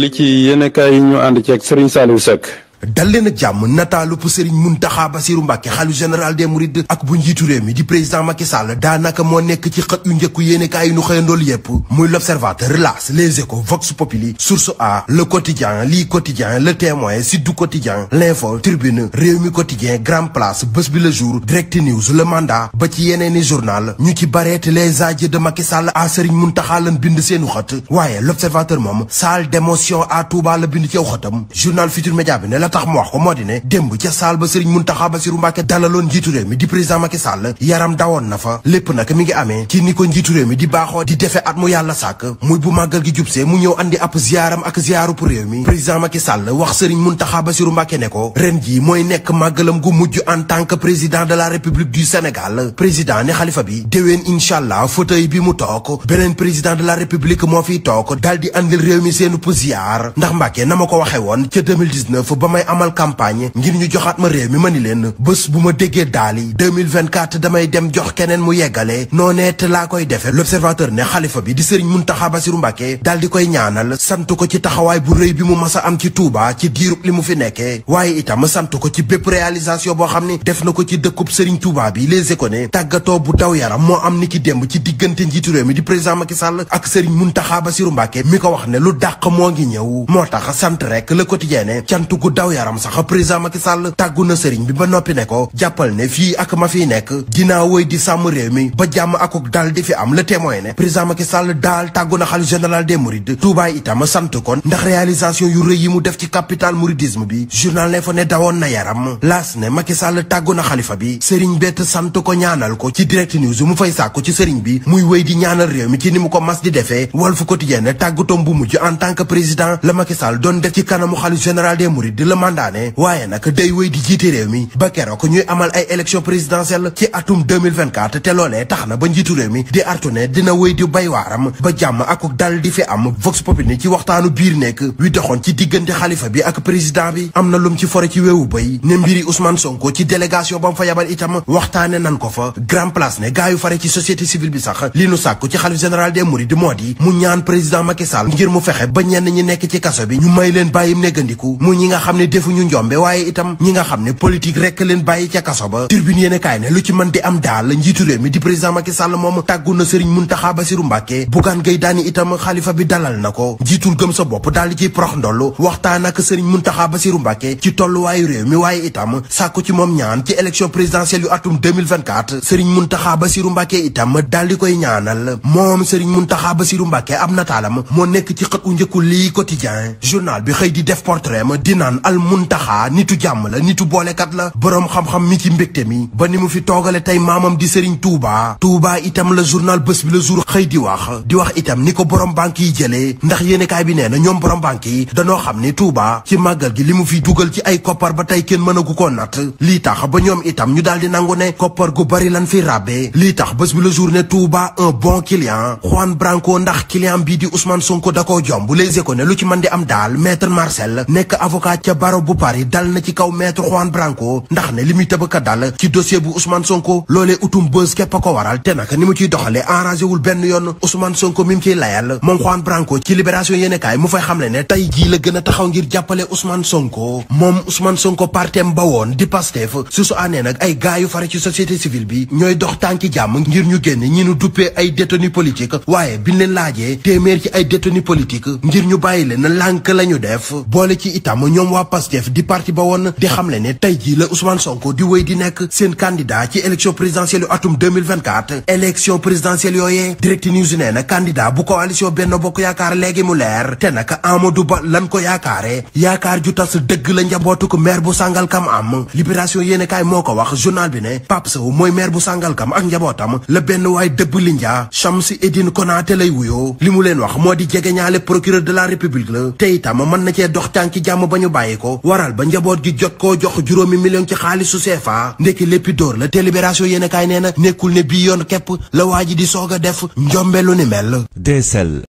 li ci yenn yi ñu ànd ceeg Serigne Saliou Seck. dal leen a jàmm nataalu bu Serigne Mountakha Bassirou Mbacké xalu général des Mourides ak bu njiitu réew mi di président Macky Sall daanaka moo nekk ci xët yu njëkku yéenekaay yi nu xëyandool yépp muy l'Observateur L'As Les Échos Vox Populi Source A Le Quotidien lii Quotidien Le Témoin Sud du Quotidien L'Info Tribune Rewmi Quotidien Grand Place Bës Bi Le Jour Direct News Le Mandat ba ci yeneeni journal ñu ci bareete les adieux de Macky Sall à Serigne Mountakha lan bind seenu xët waaye l'Observateur moom salle d'émotion à Touba la bind ci aw xëtam journal Futur Média tax mu wax ko moo di ne démb ca saal ba Serigne Mountakha Bassirou Mbacké dalaloon njiitu réew mi di président Macky Sall yaram dawoon na fa lépp nag mi ngi amee ci ni ko njiitu réew mi di baaxoo di defe at mu yàlla sàkk muy bu màggal gi jubsee mu ñëw andi ab ziaram ak ziaru réew mi président Macky Sall wax Serigne Mountakha Bassirou Mbacké ne ko ren jii mooy nekk màggalam gu mujj en tant président de la République du Sénégal président ne xalifa bi déwéen la République moo fiy toog daal di andil réew mi seenu ziar amal campagne ngir ñu joxaat ma réew mi ma ni leen bés bu ma déggee daali 2024 damay dem jox keneen mu yeggalee noonee te laa koy defe l'observateur ne xalifa bi di sëriñ Muntaxa Basiru Mbàkke daal di koy ñaanal sant ko ci taxawaay bu rëy bi mu mas a am ci Touba ci diirub li mu fi nekkee waaye itam sant ko ci bépp réalisation boo xam ni def na ko ci dëkkub sëriñ Touba bi Les Échos ne tàggatoo bu daw yaram moo am ni ki démb ci diggante njiitu réew mi di président Macky Sall ak sëriñ Muntaxa Basiru Mbàkke mi ko wax ne lu dàq moo ngi ñëw moo tax sant rek le quotidien ne cant gu daw daw yaram sax président Macky Sall tàggu na sëriñ bi ba noppi ne ko jàppal ne fii ak ma fiy nekk dinaa woy di sàmm réew mi ba jàmm akuk dal di fi am le témoin ne président Macky Sall daal tàggu na xalifa bi sëriñ bett sant ko ñaanal ko ci direct news mu fay sàkku ci sëriñ bi muy wéy di ñaanal réew mi ci ni mu ko mas di defee Walf Quotidien ne tàggutoom bu mujj en tant président la Macky Sall doon def ci kanamu xalif général des Mourides mandaane waaye nag day wéy di jiite réew mi ba keroog ñuy amal ay élection présidentielle ci atum te loolee tax na ba njiitu réew mi di artu ne dina wéy di bay waaram ba jàmm ak dal di fi am vox populi ci waxtaanu biir nekk wi doxoon ci diggante xalifa bi ak président bi am na lum ci fore ci weewu béy ne mbiri Ousmane Sonko ci délégation ba mu fa yabal itam waxtaane nan ko fa grand place ne gaayu fare ci société civile bi sax li nu sàkku ci xalif ne defuñu njombe waaye itam ñi nga xam ne politique rek leen bàyyi ca kaso ba tribune yéen kaay ne lu ci mën di am daal njiitu réew mi di président Macky Sall moom tàggu na Serigne Mountakha Bassirou Mbacké Bougane Gueye Dany itam ko njiitul gëm sa bopp réew mi waaye itam sàkku ci moom ñaan ci élection présidentielle yu atum 2024 Serigne Mountakha Bassirou Mbacké itam daal di koy ñaanal moom Serigne Mountakha Bassirou Mbacké ab nataalam moo nekk ci xët u njëkku lii quotidien journal bi xëy di def portrait ma al muntaxaa nitu jàmm la nitu boolekat la boroom xam-xam mi ci mbégte mi ba ni mu fi toogale tey maamam di sëriñ Touba Touba itam la journal bés bi la jour xëy di wax di wax itam ni ko borom banque yi jëlee ndax yéenekaay bi nee na ñoom yi danoo xam ni Touba ci màggal gi li mu fi dugal ci ay koppar ba tey kenn mënagu ko natt lii tax ba ñoom itam ñu daal di nangu ne koppar gu bari lan fi ràbbe lii tax bés bi la jour ne Touba un bon client Juan Branco ndax client bii di Ousmane Sonko da koo jomb les éco ne lu ci mën di am daal barreau bu Paris dal na ci kaw maître Juan Branco ndax ne li muy tëbëkk a dal ci dossier bu Ousmane Sonko loolee utum bës képp a ko waral te nag ni mu ciy doxalee enragé wul benn yoon Ousmane Sonko mi mu ciy layal moom Juan Branco ci libération yéenekaay mu fay xamle ne tey jii la gën a taxaw ngir jàppale Ousmane Sonko moom Ousmane par partem ba woon di Pastef su su àndee nag ay gaayu fare ci société civile bi ñooy dox tànki jàmm ngir ñu génn ñi nu duppee ay détenu politique waaye leen laajee téeméer ci ay détenu politique ngir ñu bàyyi leen lànk lañu def boole ci itam ñoom Pastef di parti ba woon di xamle ne tey ji la Ousmane Sonko di wéy di nekk seen candidat ci élection présidentielle yu atum 2024 élection présidentielle yooyee direct news nee na candidat bu coalition benn Bokk Yaakaar léegi mu leer te nag Amadou Ba lan ko yaakaare yaakaar ju tas dëgg la njabootu ko maire bu Sangalkam am Libération yéenekaay moo ko wax journal bi ne Pape Sow mooy maire bu Sangalkam ak njabootam la benn waay dëbb linja Chamsi Edine Konaté lay wuyoo li mu leen wax moo di jegeñaale procureur de la République la te itam mën na cee dox tànki jàmm ba ñu bàyyi ko waral ba njaboot gi jot koo jox juróomi million ci xaalisu CFA ndekki léppi dóor la te libération yéen a kaay nee na nekkul ne bii yoon képp la waa ji di soog a def njombe lu ni mel. DSL